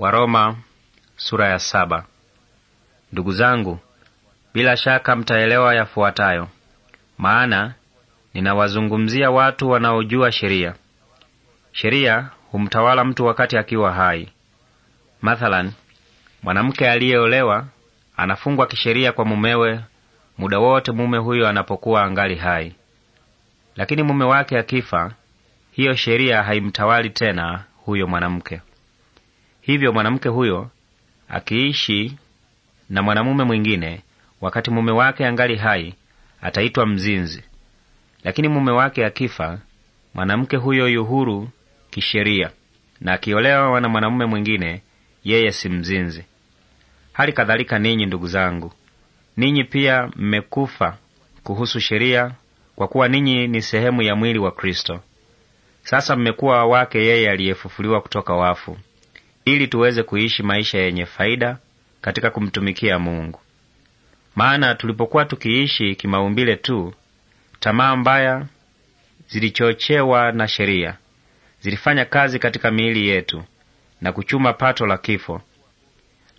Waroma sura ya saba. Ndugu zangu, bila shaka mtaelewa yafuatayo, maana ninawazungumzia watu wanaojua sheria. Sheria humtawala mtu wakati akiwa hai. Mathalan, mwanamke aliyeolewa anafungwa kisheria kwa mumewe muda wote mume huyo anapokuwa angali hai, lakini mume wake akifa, hiyo sheria haimtawali tena huyo mwanamke. Hivyo mwanamke huyo akiishi na mwanamume mwingine wakati mume wake angali hai, ataitwa mzinzi. Lakini mume wake akifa, mwanamke huyo yuhuru kisheria, na akiolewa na mwanamume mwingine, yeye si mzinzi. Hali kadhalika ninyi, ndugu zangu, ninyi pia mmekufa kuhusu sheria, kwa kuwa ninyi ni sehemu ya mwili wa Kristo. Sasa mmekuwa wake yeye aliyefufuliwa kutoka wafu ili tuweze kuishi maisha yenye faida katika kumtumikia Mungu. Maana tulipokuwa tukiishi kimaumbile tu, tamaa mbaya zilichochewa na sheria zilifanya kazi katika miili yetu na kuchuma pato la kifo.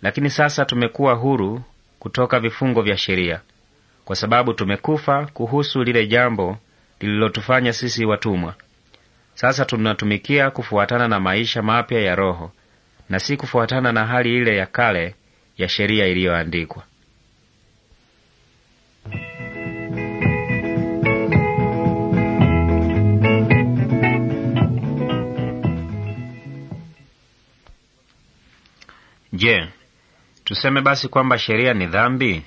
Lakini sasa tumekuwa huru kutoka vifungo vya sheria, kwa sababu tumekufa kuhusu lile jambo lililotufanya sisi watumwa. Sasa tunatumikia kufuatana na maisha mapya ya Roho na si kufuatana na hali ile ya kale ya sheria iliyoandikwa. Je, tuseme basi kwamba sheria ni dhambi?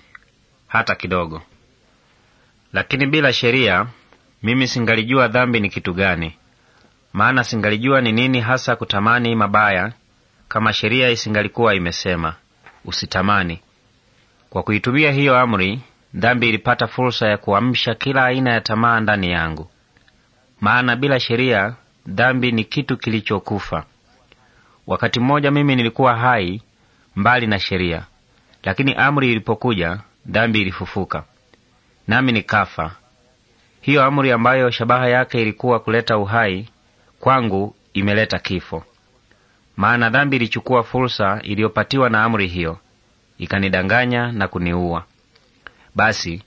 Hata kidogo. Lakini bila sheria mimi singalijua dhambi ni kitu gani, maana singalijua ni nini hasa kutamani mabaya kama sheria isingalikuwa imesema usitamani. Kwa kuitumia hiyo amri, dhambi ilipata fursa ya kuamsha kila aina ya tamaa ndani yangu, maana bila sheria dhambi ni kitu kilichokufa. Wakati mmoja mimi nilikuwa hai mbali na sheria, lakini amri ilipokuja, dhambi ilifufuka nami nikafa. Hiyo amri ambayo shabaha yake ilikuwa kuleta uhai, kwangu imeleta kifo maana dhambi ilichukua fursa iliyopatiwa na amri hiyo, ikanidanganya na kuniua. Basi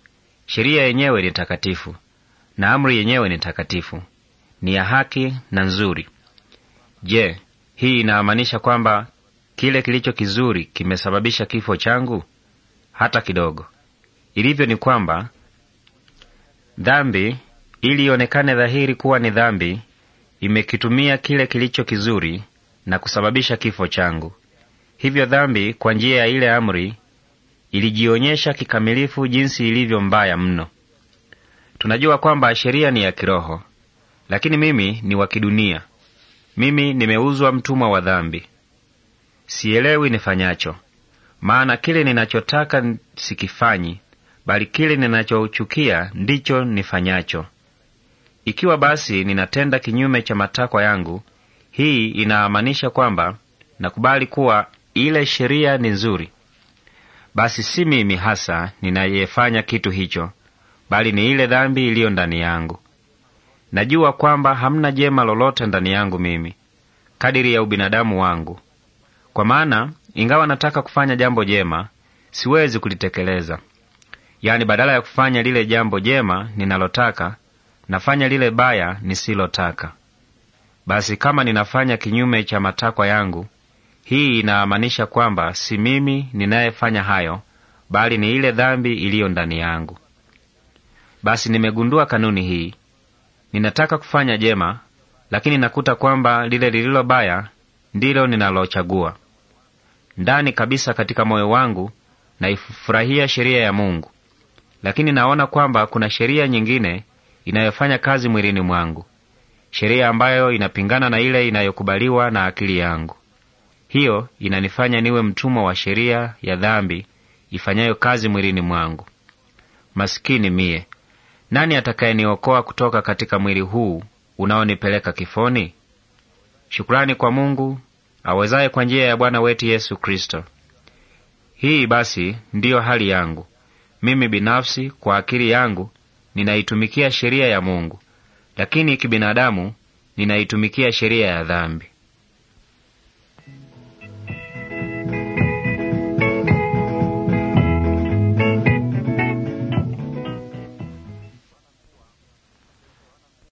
sheria yenyewe ni takatifu na amri yenyewe ni takatifu, ni ya haki na nzuri. Je, hii inamaanisha kwamba kile kilicho kizuri kimesababisha kifo changu? Hata kidogo. Ilivyo ni kwamba dhambi, ili ionekane dhahiri kuwa ni dhambi, imekitumia kile kilicho kizuri na kusababisha kifo changu. Hivyo dhambi kwa njia ya ile amri ilijionyesha kikamilifu jinsi ilivyo mbaya mno. Tunajua kwamba sheria ni ya kiroho, lakini mimi ni wa kidunia. Mimi nimeuzwa mtumwa wa dhambi. Sielewi nifanyacho, maana kile ninachotaka sikifanyi, bali kile ninachochukia ndicho nifanyacho. Ikiwa basi ninatenda kinyume cha matakwa yangu, hii inamaanisha kwamba nakubali kuwa ile sheria ni nzuri, basi si mimi hasa ninayefanya kitu hicho, bali ni ile dhambi iliyo ndani yangu. Najua kwamba hamna jema lolote ndani yangu mimi, kadiri ya ubinadamu wangu. Kwa maana ingawa nataka kufanya jambo jema, siwezi kulitekeleza. Yaani, badala ya kufanya lile jambo jema ninalotaka, nafanya lile baya nisilotaka. Basi kama ninafanya kinyume cha matakwa yangu, hii inamaanisha kwamba si mimi ninayefanya hayo, bali ni ile dhambi iliyo ndani yangu. Basi nimegundua kanuni hii: ninataka kufanya jema, lakini nakuta kwamba lile lililo baya ndilo ninalochagua. Ndani kabisa katika moyo wangu naifurahia sheria ya Mungu, lakini naona kwamba kuna sheria nyingine inayofanya kazi mwilini mwangu sheria ambayo inapingana na ile inayokubaliwa na akili yangu. Hiyo inanifanya niwe mtumwa wa sheria ya dhambi ifanyayo kazi mwilini mwangu. Masikini miye Nani atakayeniokoa kutoka katika mwili huu unaonipeleka kifoni? Shukrani kwa Mungu awezaye kwa njia ya Bwana wetu Yesu Kristo. Hii basi ndiyo hali yangu mimi binafsi. Kwa akili yangu ninaitumikia sheria ya Mungu, lakini kibinadamu ninaitumikia sheria ya dhambi.